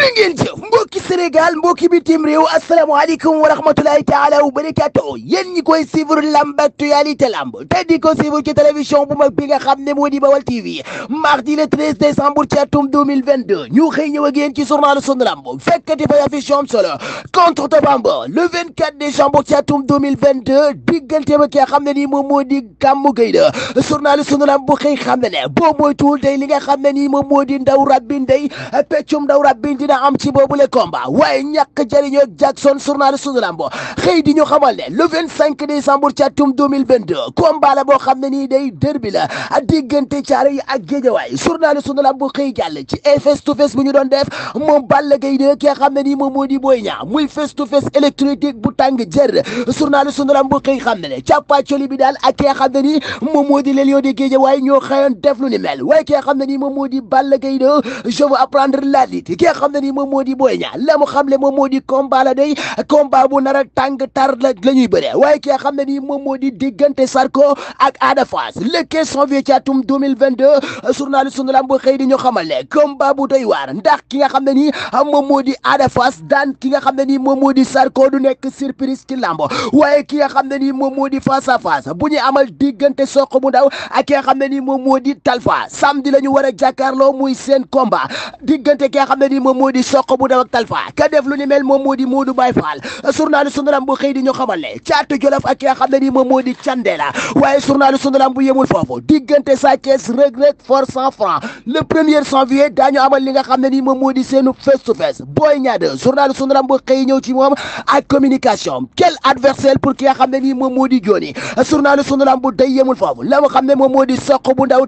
jërë ngeen jëf mbokki Sénégal mbokki bitim réew asalaamaaleykum wa rahmatulahi taala wa barakaatu yéen ñi koy suivre lamb actualité lamb te di ko suivre ci télévision bu mag bi nga xam ne moo di Bawal TV mardi le 13 décembre ci atum 2022 ñu xëy ñëw ak yéen ci journalu sunu lamb fekkati fay affiche am le 24 décembre ci atum 2022 diggante ba ki nga xam ne nii moom moo di Gamou Gueye la journalu sunu lamb bu xëy xam ne ne boo moytuwul li nga xam ne nii moom moo di ndaw rabbi ndey peccum ndaw rabbi ndey dina am ci boobule combat waaye ñàkk jëriñoo Jackson journaliste sunu lambo xëy di ñu xamal ne le 25 décembre ci atum 2022 combat la boo xam ne nii day derby la diggante caare a ak géejawaay journaliste sunu lambo xëy jàll ci face to face bu ñu doon def moom Balla Gaye de xam ne nii moom moo di Boy Niang muy face to face électronique bu tàng jër journaliste sunu lambo xëy xam ne ne càppaacoli bi daal ak ki xam ne nii moom moo di les lions géejawaay ñoo xëyoon ni mel waaye moo di Balla Gaye ni ma moo di Boy Niang la mu xamle moom moo di combat la day combat bu nar a tàng tar la la ñuy waaye ki a xam ne nii moom moo di diggante Sarko ak Ada Fass le 15 janvier ci atum 2022 journaliste bu xëy di ñu xamal ne combat bu doy waar ndax ki nga xam ne nii moom moo di Ada Fass daan ki nga xam ne nii moom moo di Sarko du nekk surprise ci lamb waaye ki a xam ne nii moom moo di face à face bu ñu amal diggante soq bu ndaw ak ki nga xam ne nii moom moo di Talfa samedi la ñu war a jàkkaarloo muy seen combat diggante ki nga xam ne moo di soq bu daw ak talfa ka def lu ni moom moo di Modou Baye Fall journalu sunu bu xëy di ñu xamal ne caatu jolof ak ki nga xam ne nii moom moo di waaye journalu sunu bu yemul foofu diggante Sa Thiès for cent francs le premier janvier daañu amal li nga xam ne nii moom moo di seenu face to Boy Niang 2 journalu bu xëy ñëw moom ak communication quel adversaire pour ki nga xam ne nii moom moo di Joni journalu sunu bu day la mu xam ne moom moo di soq bu ndaw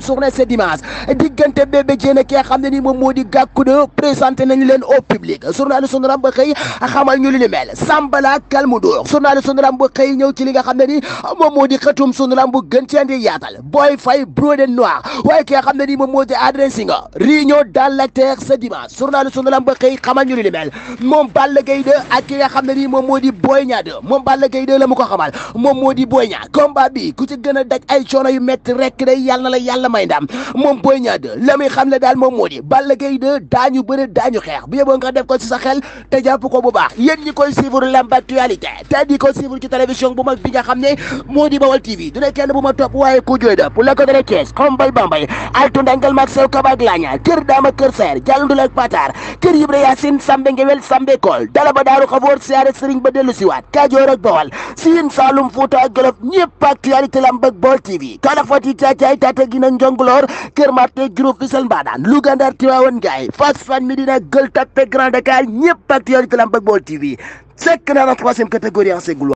deuxième journée ce dimanche diggante bébé jéen ak ki nga xam ne ni moom moo di gàkku de présenté nañ leen au public journal sunu ram ba xëy xamal ñu li ni mel Sambala Kalmudoor journal sunu ram ba xëy ñëw ci li nga xam ne ni moom moo di xëtum sunu ram bu gën ci andi yaatal Boy Faye Brodé Noir waaye ki nga xam ne ni moom moo di Adrien Singa réunion dans la terre ce dimanche journal sunu ram ba xëy xamal li ni mel moom Balla Gaye 2 ak ki nga xam ne ni moom moo di Boy Niang 2 moom Balla Gaye 2 la mu ko xamal moom moo di Boy Niang combat ku ci gën a daj ay coono yu métti rek day yàlla na yàlla may ndam moom Boy Niang 2 la muy xam le daal moom moo di Balla Gaye 2 daañu bëre daañu xeex bu yeboo nga def ko ci sa xel te jàpp ko bu baax yéen ñi koy suivre lamb actualité te di ko suivre ci télévision bu mag bi xam ne moo di Bawal TV du kenn bu ma topp waaye ku jooy da pour la ko dara Thiès xombay bambay altundangal mag sew kabaak laaña kër daama kër seer jàllundul ak patar kër Ibra Yaasin sambe ngewel sambe kool dala ba daaru xafoor siyaare sëriñ Jonglor Kër Mate Diouroup Fissel Mbadane Louga Ndar Tivaouane Ndiaye Fass Fann Médina Gueule Tapée Grand Dakar ñëpp ak yoonu lamb ak Baol TV sekk na la troisième catégorie en